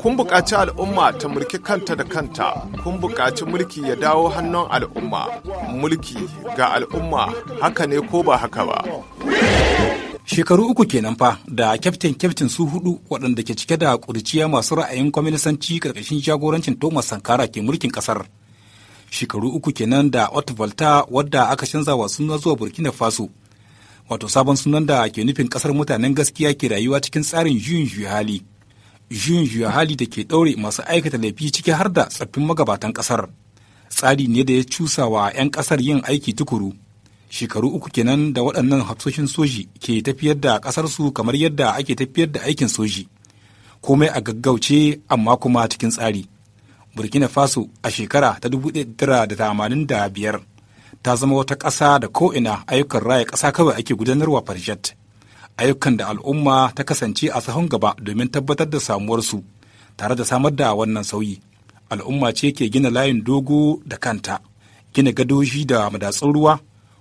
Kun bukaci al'umma ta mulki kanta da kanta, kun bukaci mulki ya dawo hannun al'umma, mulki ga al'umma haka ne ko ba haka ba. Shekaru uku kenan fa da kyaftin kyaftin su hudu waɗanda ke cike da ƙuriciya masu ra'ayin kwaminisanci ƙarƙashin jagorancin Thomas Sankara ke mulkin ƙasar. Shekaru uku kenan da Otto Volta wadda aka canza wa suna zuwa Burkina Faso wato sabon sunan da ke nufin ƙasar mutanen gaskiya ke rayuwa cikin tsarin juyin juyi hali juyin juya hali da ke ɗaure masu aikata laifi ciki har da tsaffin magabatan ƙasar tsari ne da ya cusawa 'yan ƙasar yin aiki tukuru shekaru uku kenan da waɗannan hafsoshin soji ke tafiyar da su kamar yadda ake tafiyar da aikin soji komai a gaggauce amma kuma cikin tsari burkina faso a shekara ta dubu da biyar ta zama wata ƙasa da ko'ina ayyukan raya ƙasa kawai ake gudanarwa farjet ayyukan da al'umma ta kasance a sahun gaba domin tabbatar da samuwarsu tare da samar da wannan sauyi al'umma ce ke gina layin dogo da kanta gina gadoshi da madatsun ruwa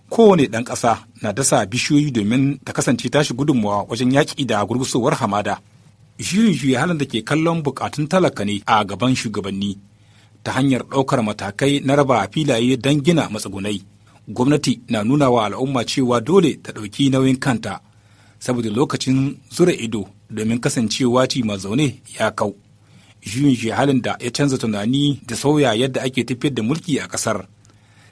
kowane ɗan ƙasa na dasa bishiyoyi domin ta kasance tashi gudunmawa wajen yaƙi da gurgusowar hamada shirin juya halin da ke kallon bukatun talaka ne a gaban shugabanni ta hanyar ɗaukar matakai na raba filaye don gina matsugunai gwamnati na nuna wa al'umma cewa dole ta ɗauki nauyin kanta saboda lokacin zura ido domin kasancewa ci zaune ya kau juyin shi halin da ya canza tunani da sauya yadda ake tafiyar da mulki a ƙasar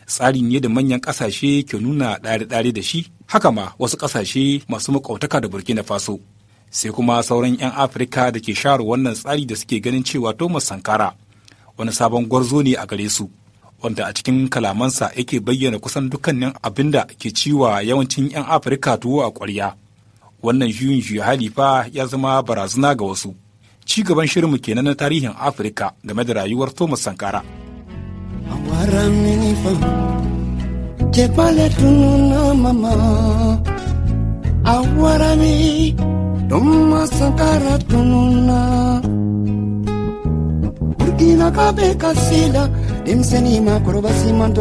tsari ne da manyan ƙasashe ke nuna ɗare-ɗare da shi haka ma wasu ƙasashe masu makautaka da burkina faso sai kuma sauran 'yan afirka da ke share wannan tsari da suke ganin cewa thomas sankara wani sabon gwarzo ne a gare su wanda a cikin kalamansa yake bayyana kusan dukkanin abin da ke ciwa yawancin 'yan afirka tuwo a ƙwarya wannan juyin juya hali fa ya zama barazana ga wasu ci gaban shirinmu kenan na tarihin afirka game da rayuwar thomas sankara awarami ka Sankara tununa Burkina ma Kasila si man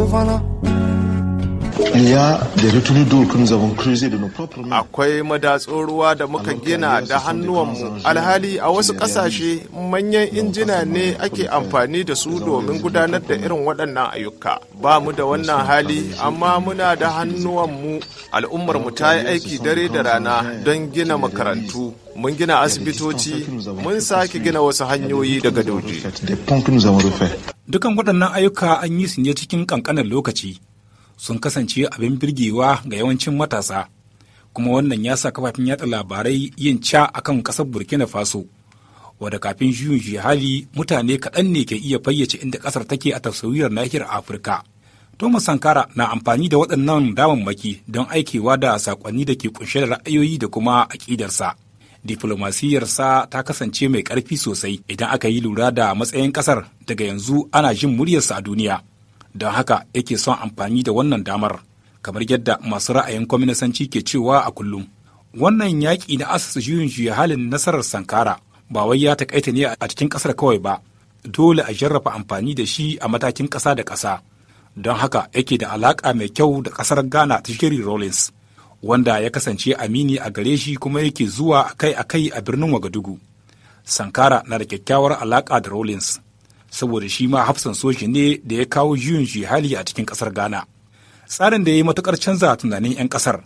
Akwai madatsun ruwa da muka gina da hannuwanmu alhali a wasu ƙasashe manyan injina ne ake amfani da su domin gudanar da irin waɗannan ayyuka. Ba mu da wannan hali amma muna da hannuwanmu al'ummarmu ta yi aiki dare da rana don gina makarantu. Mun gina asibitoci, mun sake gina wasu hanyoyi daga dauji. Dukan waɗannan ayyuka an yi su ne cikin ƙanƙanar lokaci. sun kasance abin birgewa ga yawancin matasa kuma wannan ya sa kafafen yatsa labarai yin ca akan ƙasar burkina faso wadda kafin juyin hali mutane kaɗan ne ke iya fayyace inda ƙasar take a tafsirwiyar nahiyar afirka thomas sankara na amfani da waɗannan damammaki don aikewa da saƙonni da ke ƙunshe da ra'ayoyi da kuma aƙidarsa diflomasiyarsa ta kasance mai ƙarfi sosai idan aka yi lura da matsayin ƙasar daga yanzu ana jin muryarsa a duniya don haka yake son amfani da wannan damar kamar yadda masu ra'ayin kwaminisanci ke cewa a kullum wannan yaƙi na asasa juyin juya halin nasarar sankara ba wai ya taƙaita ne a cikin ƙasar kawai ba dole a jarrafa amfani da shi a matakin ƙasa da ƙasa don haka yake da alaƙa mai kyau da ƙasar ghana ta jerry Rawlings, wanda ya kasance amini a gare shi kuma yake zuwa akai-akai a birnin wagadugu sankara na da kyakkyawar alaƙa da Rawlings. saboda shi ma hafsan soshi ne da ya kawo juyin jihali a cikin kasar ghana tsarin da ya yi matuƙar canza tunanin 'yan kasar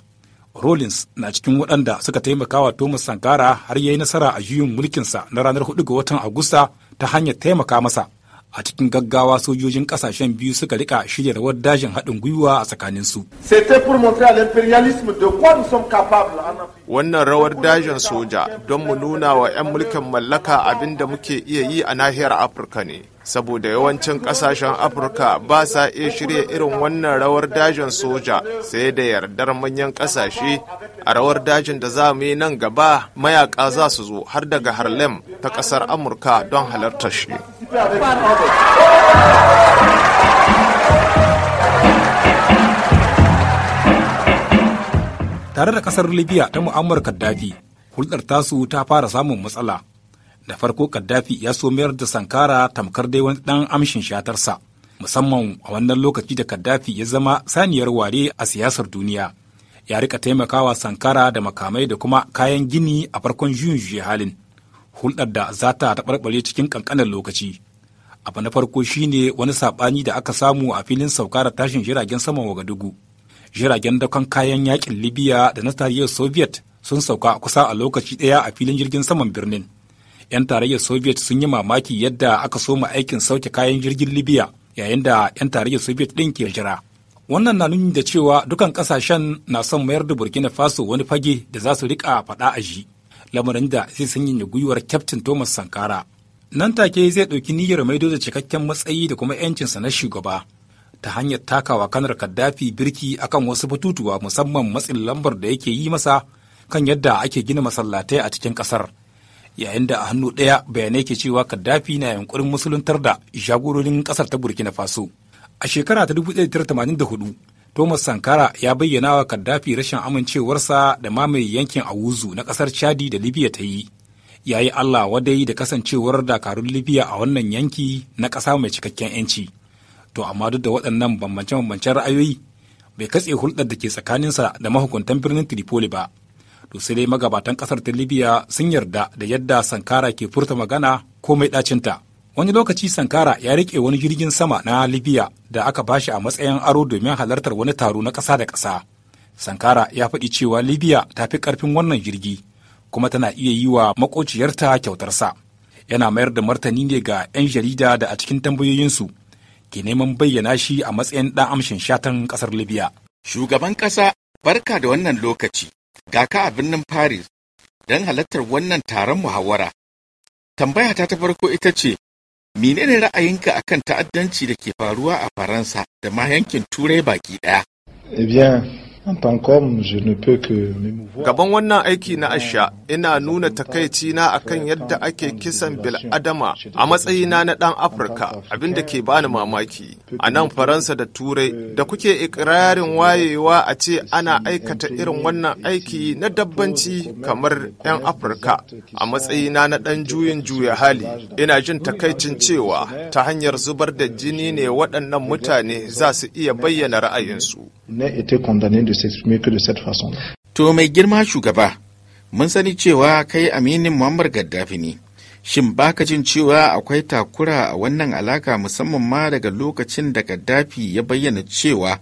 rollins na cikin waɗanda suka taimaka wa thomas sankara har ya yi nasara a juyin mulkinsa na ranar 4 ga watan agusta ta hanyar taimaka masa a cikin gaggawa sojojin kasashen biyu suka rika shirya rawar dajin haɗin gwiwa a tsakanin su. Wannan rawar dajin soja don mu nuna wa 'yan mulkin mallaka abin da muke iya yi a nahiyar Afirka ne. saboda yawancin kasashen afirka ba sa iya shirya irin wannan rawar dajin soja sai da yardar manyan kasashe a rawar dajin da za mu yi nan gaba mayaka za su zo har daga harlem ta kasar amurka don halartar shi tare da kasar libya ta mu'ammar kaddafi hulɗar tasu ta fara samun matsala da farko kaddafi ya so mayar da Sankara tamkar dai wani dan amshin shatarsa, musamman a wannan lokaci da kaddafi ya zama saniyar ware a siyasar duniya. Ya rika taimakawa Sankara da makamai da kuma kayan gini a farkon juyin juye halin, hulɗar da za ta taɓarɓare cikin ƙanƙanin lokaci. Abu na farko shine wani saɓani da aka samu a filin sauka da tashin jiragen saman Wagadugu. Jiragen dakon kayan yakin Libya da na tarayyar Soviet sun sauka kusa a lokaci ɗaya a filin jirgin saman birnin. 'yan tarayyar soviet sun yi mamaki yadda aka soma aikin sauke kayan jirgin libya yayin da 'yan tarayyar soviet ɗin ke jira wannan na nuni da cewa dukan kasashen na son mayar da burkina faso wani fage da za su rika faɗa a ji lamarin da zai sanyaya gwiwar kyaftin thomas sankara nan take zai ɗauki niyyar maido da cikakken matsayi da kuma 'yancinsa na shugaba ta hanyar takawa kanar kaddafi birki akan wasu batutuwa musamman matsin lambar da yake yi masa kan yadda ake gina masallatai a cikin ƙasar yayin da a hannu ɗaya bayanai ke cewa kaddafi na yankurin musuluntar da shagororin ƙasar ta burkina faso a shekara ta 1984 thomas sankara ya bayyana wa kaddafi rashin amincewarsa da mamaye yankin awuzu na ƙasar chadi da libya ta yi ya yi allah wadai da kasancewar dakarun libya a wannan yanki na ƙasa mai cikakken 'yanci to amma duk da waɗannan bambance-bambancen ra'ayoyi bai katse hulɗar da ke tsakaninsa da mahukuntan birnin tripoli ba to sai dai magabatan kasar ta libya sun yarda da yadda sankara ke furta magana ko mai ɗacinta wani lokaci sankara ya rike wani jirgin sama na libya da aka bashi a matsayin aro domin halartar wani taro na ƙasa da ƙasa sankara ya faɗi cewa libya ta fi ƙarfin wannan jirgi kuma tana iya yi wa maƙociyarta kyautarsa yana mayar da martani ne ga 'yan jarida da a cikin tambayoyinsu ke neman bayyana shi a matsayin ɗan amshin shatan ƙasar libya shugaban ƙasa barka da wannan lokaci ga ka a birnin Paris don halartar wannan taron muhawara. Tambaya ta ta farko ita ce, menene ra'ayinka akan ta'addanci da ke faruwa a Faransa da ma yankin Turai baki ɗaya? Eh bien, Gaban wannan aiki na Asha, ina nuna takaici takaicina akan yadda ake kisan bil'adama a matsayina na ɗan Afirka abin da ke bani mamaki. A nan Faransa da Turai da kuke ikirarin wayewa a ce ana aikata irin wannan aiki na dabbanci kamar 'yan Afirka a matsayina na ɗan juyin juya hali. Ina jin takaicin cewa ta hanyar zubar da jini ne waɗannan mutane za su iya bayyana ra'ayinsu. s'exprimer que de cette façon. To mai girma shugaba, mun sani cewa kai aminin Muammar Gaddafi ne. Shin baka jin cewa akwai takura a wannan alaka musamman ma daga lokacin da Gaddafi ya bayyana cewa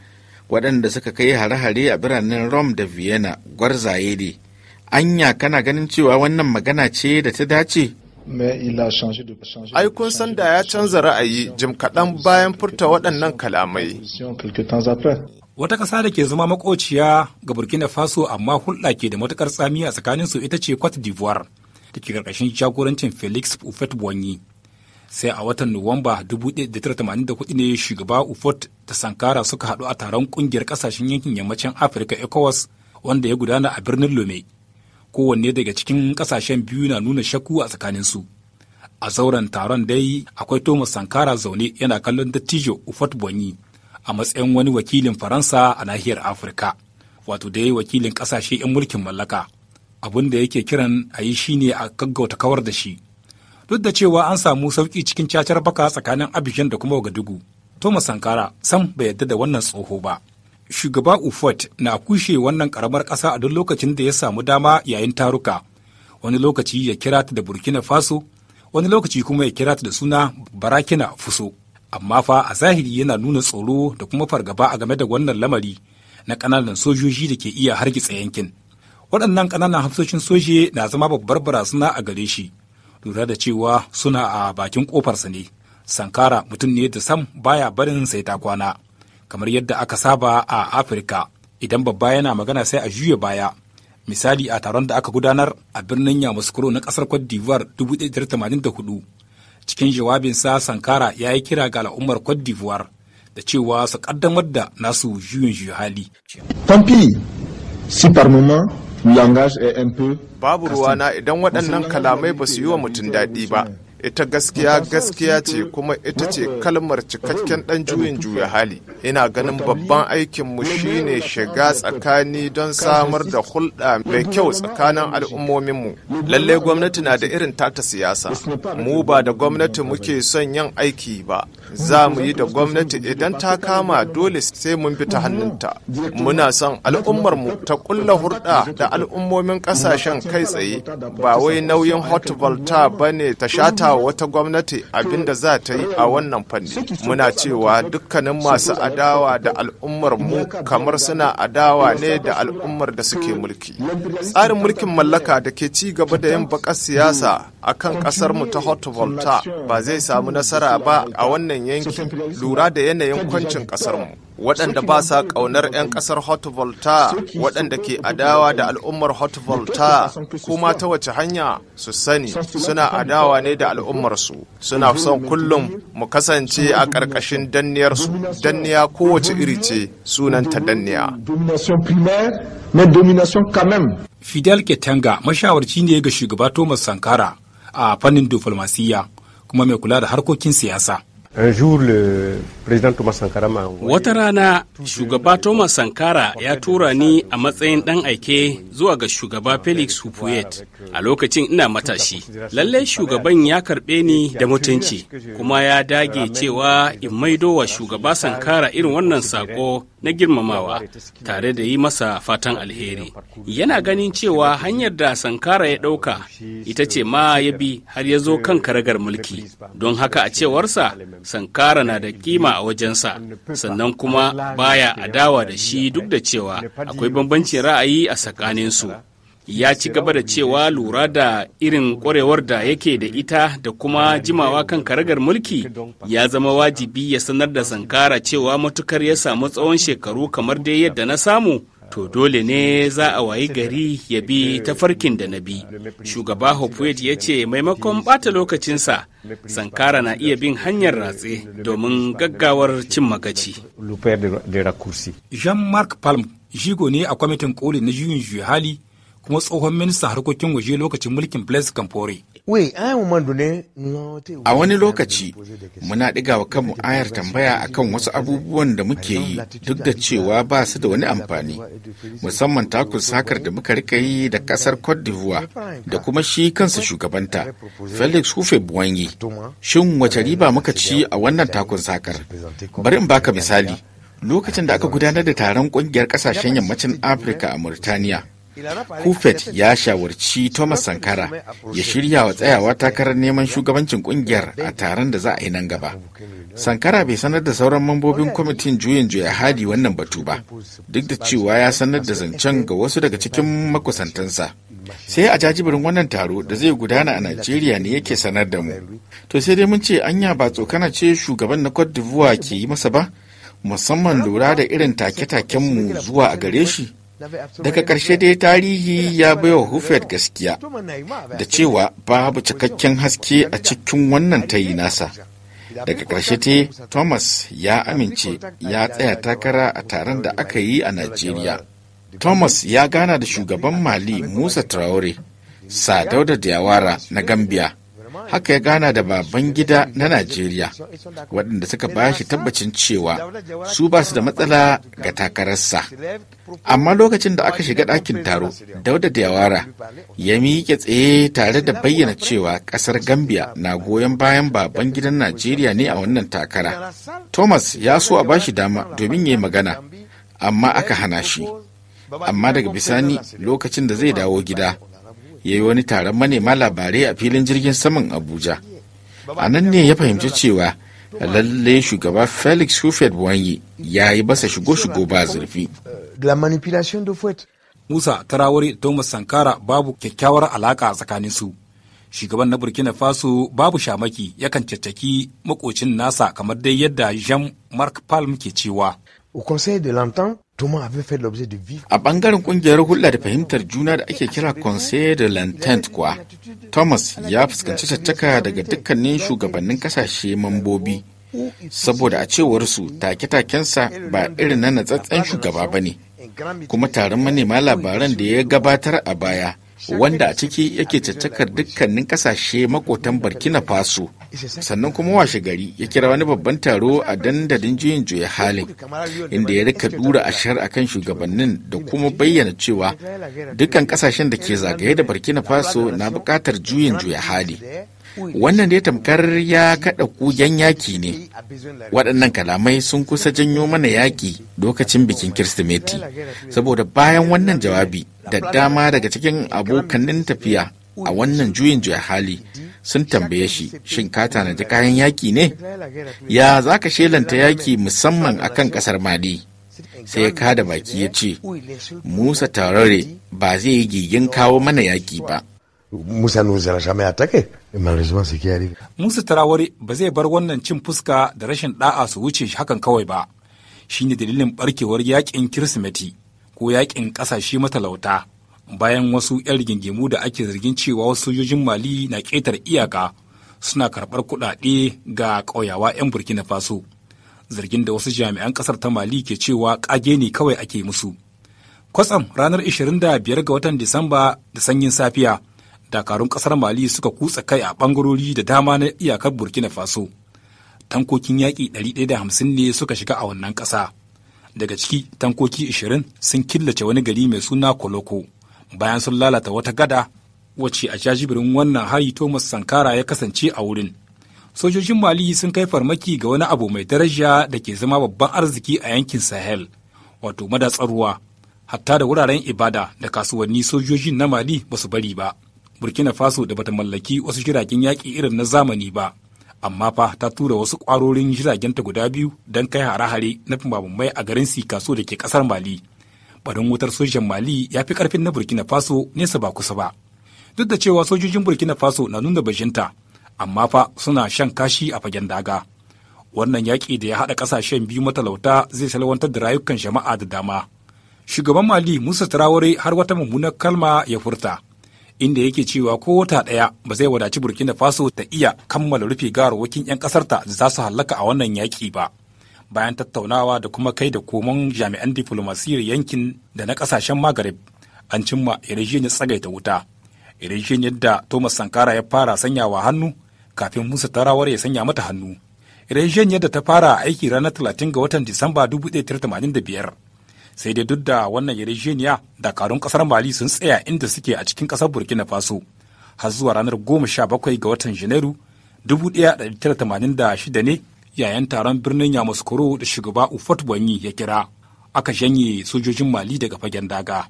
waɗanda suka kai hare-hare a biranen Rome da Vienna gwarzaye ne. Anya kana ganin cewa wannan magana ce da ta dace? Ai kun san da ya canza ra'ayi jim kaɗan bayan furta waɗannan kalamai. Wata ƙasa da ke zama makociya ga Burkina Faso amma hulɗa ke da matuƙar tsami a tsakanin su ita ce Cote d'Ivoire da ke ƙarƙashin jagorancin Felix Ufet Bonyi. Sai a watan Nuwamba 1984 ne shugaba Ufot da Sankara suka haɗu a taron ƙungiyar ƙasashen yankin yammacin Afirka ECOWAS wanda ya gudana a birnin Lome. Kowanne daga cikin ƙasashen biyu na nuna shakku a tsakaninsu. A zauren taron dai akwai Thomas Sankara zaune yana kallon dattijo Ufot Bonyi. a matsayin wani wakilin faransa a nahiyar afirka wato da ya yi wakilin ƙasashe 'yan mulkin mallaka abin da yake kiran a yi shi ne a gaggauta kawar da shi duk da cewa an samu sauƙi cikin cacar baka tsakanin abijan da kuma wagadugu thomas sankara sam bai yadda da wannan tsoho ba shugaba ufot na kushe wannan karamar ƙasa a duk lokacin da ya samu dama yayin taruka wani lokaci ya kira ta da burkina faso wani lokaci kuma ya kira ta da suna barakina fuso amma fa a zahiri yana nuna tsoro da kuma fargaba a game da wannan lamari na ƙananan sojoji da ke iya hargitsa yankin waɗannan ƙananan hafsoshin soje na zama babbar barazana a gare shi lura da cewa suna a bakin ƙofarsa ne sankara mutum ne da sam baya barin sai ta kwana kamar yadda aka saba a afirka idan babba yana magana sai a juya baya misali a taron da aka gudanar a birnin yamuskuro na ƙasar cote d'ivoire 1984 cikin jawabin jawabinsa sankara ya yi kira ga al'ummar cote d'ivoire da cewa su kaddamar da nasu juyin juya hali babu ruwana idan waɗannan kalamai ba su yi wa mutum daɗi ba ita gaskiya gaskiya ce kuma ita ce kalmar cikakken ɗan juyin juya hali ina ganin babban aikinmu shine shiga tsakani don samar da hulɗa mai kyau tsakanin al'ummominmu lallai gwamnati na da irin tata siyasa mu ba da gwamnati muke son yin aiki ba za mu yi da gwamnati idan ta kama dole sai mun bi ta hannunta muna son al'ummarmu ta kulla hulɗa da al'ummomin ƙasashen kai tsaye ba wai nauyin hot volta ba ne ta shata wa wata gwamnati abin da za ta yi a wannan fanni muna cewa dukkanin masu adawa da al'ummar mu kamar suna adawa ne da al'ummar da suke mulki tsarin mulkin mallaka da ke ci gaba da yin bakar siyasa a kan kasar mu ta hot volta ba zai samu nasara ba a wannan yanki lura da yanayin kwancin kasar mu waɗanda ba sa ƙaunar 'yan ƙasar hot volta waɗanda ke adawa da al'ummar hot volta kuma ta wace hanya su sani suna adawa ne da al'ummarsu suna son kullum mu kasance a ƙarƙashin danniyarsu danniya kowace iri ce sunanta danniya fidel ketanga mashawarci ne ga shugaba thomas sankara a fannin diflomasiyya kuma mai kula da harkokin siyasa Wata rana shugaba Thomas Sankara ya tura ni a matsayin ɗan aike zuwa ga shugaba Felix Hupuyet euh, a lokacin ina matashi. Lalle shugaban ya karɓe ni da mutunci kuma ya dage cewa in maido wa shugaba Sankara irin wannan sako na girmamawa tare da yi masa fatan alheri. Yana ganin cewa hanyar da Sankara ya ɗauka ita ce ma ya bi har ya zo kan karagar mulki. Don haka a cewarsa sankara na da kima a wajensa sannan kuma baya adawa da shi duk da cewa akwai bambancin ra'ayi a tsakaninsu ya ci gaba da cewa lura da irin kwarewar da yake da ita da kuma jimawa kan karagar mulki ya zama wajibi ya sanar da sankara cewa matukar ya samu tsawon shekaru kamar dai yadda na samu to dole ne za a wayi gari ya bi tafarkin da na bi shugaba hopewed ya ce maimakon bata lokacinsa sankara na iya bin hanyar ratse domin gaggawar cin magaci jean-marc palm shigo ne a kwamitin koli na juyin juya hali kuma tsohon ministan harkokin waje lokacin mulkin blaise campore A wani lokaci muna ɗigawa kanmu ayar tambaya a kan wasu abubuwan da muke yi duk da cewa ba su da wani amfani, musamman takun sakar da muka rika yi da ƙasar Cote d'Ivoire da kuma shi kansu shugabanta Felix Hufe Buwanyi. Shin wace riba muka ci a wannan takun sakar? Bari in baka misali. Lokacin da aka gudanar da taron ƙungiyar ƙasashen yammacin Afirka a Murtaniya, kufet ya shawarci Thomas Sankara ya shirya wa tsayawa takarar neman shugabancin kungiyar a taron da za a yi nan gaba. Sankara bai sanar da sauran mambobin kwamitin juyin juya hadi wannan batu ba, duk da cewa ya sanar da zancen ga wasu daga cikin makusantansa. Sai a jajibirin wannan taro da zai gudana a Najeriya ne yake sanar da mu. To sai dai mun ce anya ba tsokana ce shugaban na Cote d'Ivoire ke yi masa ba, musamman lura da irin take-takenmu zuwa a gare shi. Daga ƙarshe dai tarihi ya baiwa Hufet gaskiya da cewa babu cikakken haske a cikin wannan tayi nasa. Daga ƙarshe dai, Thomas ya amince ya tsaya takara a taron da aka yi a Najeriya. Thomas ya gana da shugaban Mali Musa Traore, da Diawara na Gambia. haka ya gana da baban gida na najeriya waɗanda suka ba shi tabbacin cewa su ba su da matsala ga takararsa amma lokacin da aka shiga ɗakin taro dauda da yawara ya miƙe tsaye tare da bayyana cewa ƙasar gambia na goyon bayan baban gidan najeriya ne a wannan takara thomas ya so a ba shi dama domin ya yi magana amma aka hana shi amma daga bisani lokacin da zai dawo gida ya yi wani taron manema labarai a filin jirgin saman abuja a nan ne ya fahimci cewa lallai shugaba felix hufet wanyi ya yi basa shigo-shigo ba zurfi musa tarawari da thomas sankara babu kyakkyawar alaka tsakanin su shugaban na burkina faso babu shamaki yakan caccaki makocin nasa kamar dai yadda jean mark palm ke cewa au conseil de l'entente A bangaren ƙungiyar hulɗa da fahimtar juna da ake kira Conseil de l'Entente kuwa, Thomas ya fuskanci tattaka daga dukkanin shugabannin ƙasashe mambobi, saboda a cewarsu take-takensa ba irin na natsatsen shugaba ba ne, kuma taron manema labaran da ya gabatar a baya wanda a ciki yake caccakar dukkanin kasashe makotan burkina faso sannan kuma washe gari ya kira wani babban taro a dandalin juyin juya halin inda ya rika dura ashar akan shugabannin da kuma bayyana cewa dukkan kasashen da ke zagaye da burkina faso na bukatar juyin juya hali wannan dai tamkar ya kaɗa kugen yaki ne waɗannan kalamai sun kusa janyo mana yaƙi lokacin bikin kirsimeti saboda bayan wannan jawabi da dama daga cikin abokanin tafiya a wannan juyin juya hali sun tambaye shi shin ka tanaji kayan yaki ne ya za ka shelanta yaƙi musamman kan ƙasar mali sai ya da baki ya ce musa tarare ba zai yi gigin kawo mana yaƙi ba musa nuzara shama ya take malheureusement ce Tarawari ba zai bar wannan cin fuska da rashin da'a su wuce shi hakan kawai ba. Shine dalilin barkewar yakin Kirsimeti ko yakin kasashe matalauta bayan wasu 'yan rigingimu da ake zargin cewa wasu sojojin Mali na ƙetar iyaka suna karɓar kuɗaɗe ga ƙauyawa 'yan Burkina Faso. Zargin da wasu jami'an ƙasar ta Mali ke cewa ƙage ne kawai ake musu. Kwatsam ranar 25 ga watan Disamba da sanyin safiya dakarun kasar mali suka kutsa kai a bangarori da dama na iyakar burkina faso tankokin yaƙi hamsin ne suka shiga a wannan ƙasa daga ciki tankoki ashirin sun killace wani gari mai suna koloko bayan sun lalata wata gada wacce a jajibirin wannan hari thomas sankara ya kasance a wurin sojojin mali sun kai farmaki ga wani abu mai daraja da ke zama babban arziki a yankin sahel wato madatsar ruwa hatta da wuraren ibada da kasuwanni sojojin na mali ba su bari ba burkina faso da bata mallaki wasu jiragen yaƙi irin na zamani ba amma fa ta tura wasu ƙwarorin jiragenta guda biyu don kai hare-hare na mai a garin sikaso da ke ƙasar mali barin wutar sojan mali ya fi ƙarfin na burkina faso nesa ba kusa ba duk da cewa sojojin burkina faso na nuna bajinta amma fa suna shan kashi a fagen daga wannan yaƙi da ya haɗa ƙasashen biyu matalauta zai salwantar da rayukan jama'a da dama shugaban mali musa taraware har wata mummunar kalma ya furta inda yake cewa ko wata ɗaya ba zai wadaci burkina faso ta iya kammala rufe gawarwakin 'yan kasarta da za su hallaka a wannan yaki ba bayan tattaunawa da kuma kai da komon jami'an diflomasiyyar yankin da na kasashen magarib an cimma yarjejeniyar tsagaita wuta yarjejeniyar yadda thomas sankara ya fara sanyawa hannu kafin musa tarawar ya sanya mata hannu yarjejeniyar yadda ta fara aiki ranar 30 ga watan disamba 1985 sai dai duk da wannan yarjejeniya dakarun kasar mali sun tsaya inda suke a cikin kasar burkina faso har zuwa ranar 17 ga watan janairu 1986 ne yayin taron birnin yamuskoro da shugaba ufot bonyi ya kira aka janye sojojin mali daga fagen daga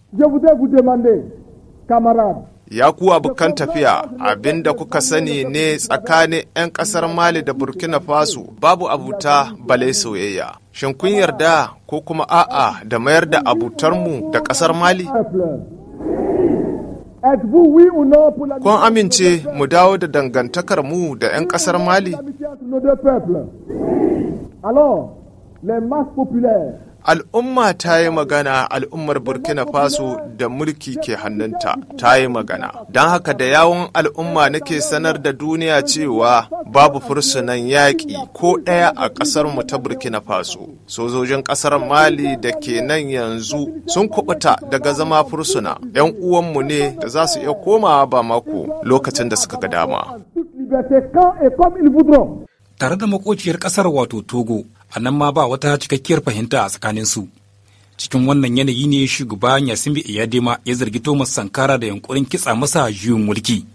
camarade ya ku abokan tafiya abinda kuka sani ne tsakanin 'yan ƙasar mali da burkina faso babu abuta balai soyayya shin kun yarda ko kuma a'a da mayar da abutarmu da ƙasar mali kun amince mu dawo da dangantakar mu da 'yan ƙasar mali al'umma ta yi magana al'ummar burkina faso da mulki ke hannunta ta yi magana don haka da yawon al'umma nake sanar da duniya cewa babu fursunan yaƙi ko ɗaya a ƙasarmu ta burkina faso sojojin ƙasar mali da ke nan yanzu sun kuɓuta daga zama fursuna 'yan uwanmu ne da za su iya komawa ba mako lokacin da suka ga dama tare da makociyar ƙasar wato togo a nan ma ba wata cikakkiyar fahimta a tsakaninsu. Cikin wannan yanayi ne shugaba Yasimbi Iyadema ya zargi Thomas Sankara da yankurin kitsa masa juyin mulki.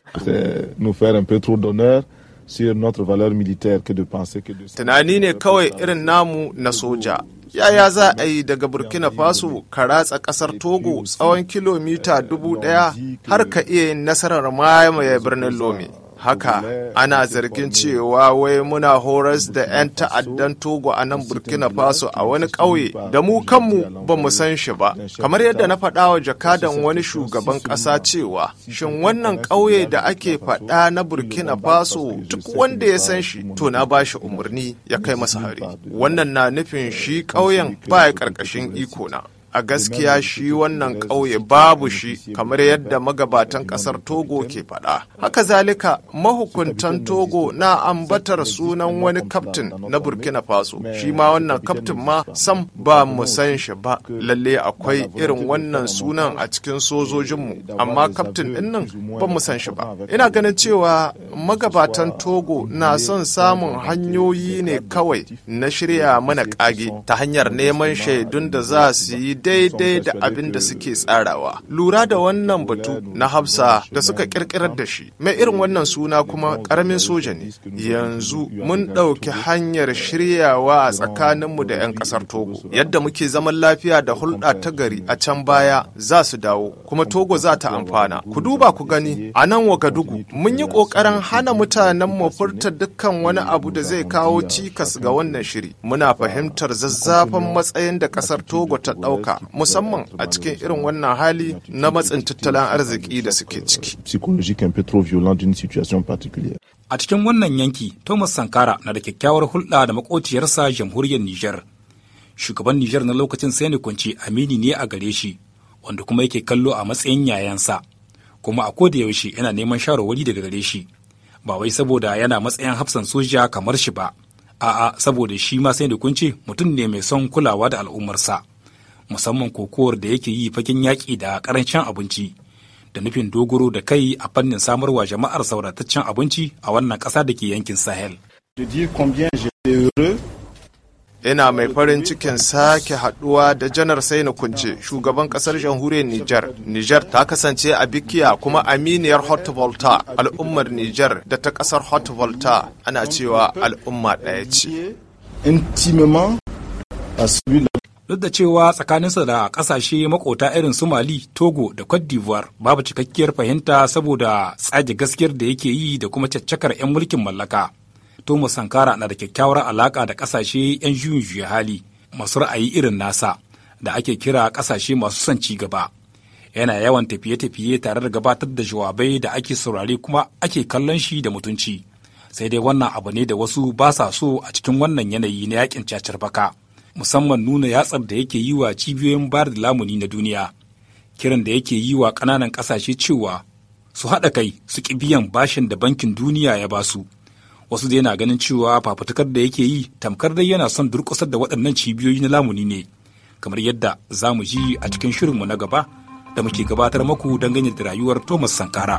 Tunani ne kawai irin namu na soja. Yaya za a yi daga Burkina Faso ka ratsa ƙasar Togo tsawon kilomita dubu ɗaya har ka iya yin nasarar mamaye birnin lomi. haka ana zargin cewa wai muna horas da 'yan ta'addan togo a nan burkina faso a wani ƙauye da mu kanmu ba mu san shi ba kamar yadda na faɗa wa jakadan wani shugaban ƙasa cewa shin wannan ƙauye da ake faɗa na burkina faso duk wanda ya san shi to na ba shi umarni ya kai masa hari wannan na nufin eh, shi ƙauyen ba ya ƙarƙashin iko na a gaskiya shi wannan ƙauye babu shi kamar yadda magabatan ƙasar togo ke faɗa haka zalika mahukuntan togo na ambatar sunan wani kaftin na burkina faso shi ma wannan kaftin ma sam ba mu san shi ba lalle akwai irin wannan sunan a cikin sojojinmu amma kaftin ɗinnan nan ba mu san shi ba ina ganin cewa magabatan togo na son samun hanyoyi ne kawai na shirya mana ƙage ta hanyar neman shaidun da za su yi daidai da abin da suke tsarawa lura da wannan batu na hafsa da suka kirkirar da shi mai irin wannan suna kuma karamin soja ne yanzu mun ɗauki hanyar shiryawa a tsakaninmu da 'yan ƙasar togo yadda muke zaman lafiya da hulɗa ta gari a can baya za su dawo kuma togo za ta amfana ku duba ku gani a nan wagadugu mun yi ƙoƙarin hana mutanen mu furta dukkan wani abu da zai kawo cikas ga wannan shiri muna fahimtar zazzafan matsayin da ƙasar togo ta ɗauka haka musamman a cikin irin wannan hali na matsin tattalin arziki da suke ciki. A cikin wannan yanki, Thomas Sankara na da kyakkyawar hulɗa da makociyarsa jamhuriyar Nijar. Shugaban Nijar na lokacin sai ne kwanci amini ne a gare shi, wanda kuma yake kallo a matsayin yayansa, kuma a koda yaushe yana neman shawarwari daga gare shi, ba wai saboda yana matsayin hafsan soja kamar shi ba. a'a saboda shi ma sai da kunce mutum ne mai son kulawa da al'ummarsa. musamman kokowar da yake yi fakin yaƙi da ƙarancin abinci da nufin dogoro da kai a fannin samarwa jama'ar saurataccen abinci a wannan ƙasa da ke yankin sahel ina mai farin cikin sake haduwa da janar saina kunce shugaban kasar jamhuriyar nijar nijar ta kasance a bikiya kuma aminiyar hot volta al'ummar nijar da ta kasar hot volta ana cewa al'umma ɗaya ce duk da cewa tsakaninsa da ƙasashe makota irin su mali togo da cote d'ivoire babu cikakkiyar fahimta saboda tsage gaskiyar da yake yi da kuma caccakar 'yan mulkin mallaka thomas sankara na da kyakkyawar alaƙa da ƙasashe 'yan juyin juya hali masu ra'ayi irin nasa da ake kira ƙasashe masu son ci gaba yana yawan tafiye-tafiye tare da gabatar da jawabai da ake saurare kuma ake kallon shi da mutunci sai dai wannan abu ne da wasu ba sa so a cikin wannan yanayi na yakin cacar baka musamman nuna yatsar da yake yi wa cibiyoyin bayar lamuni na duniya kiran da yake yi wa ƙananan ƙasashe cewa su haɗa kai su ƙi biyan bashin da bankin duniya ya ba su wasu dai na ganin cewa fafutukar da yake yi tamkar dai yana son durƙusar da waɗannan cibiyoyi na lamuni ne kamar yadda za mu ji a cikin shirinmu na gaba da muke gabatar maku dangane da rayuwar thomas sankara.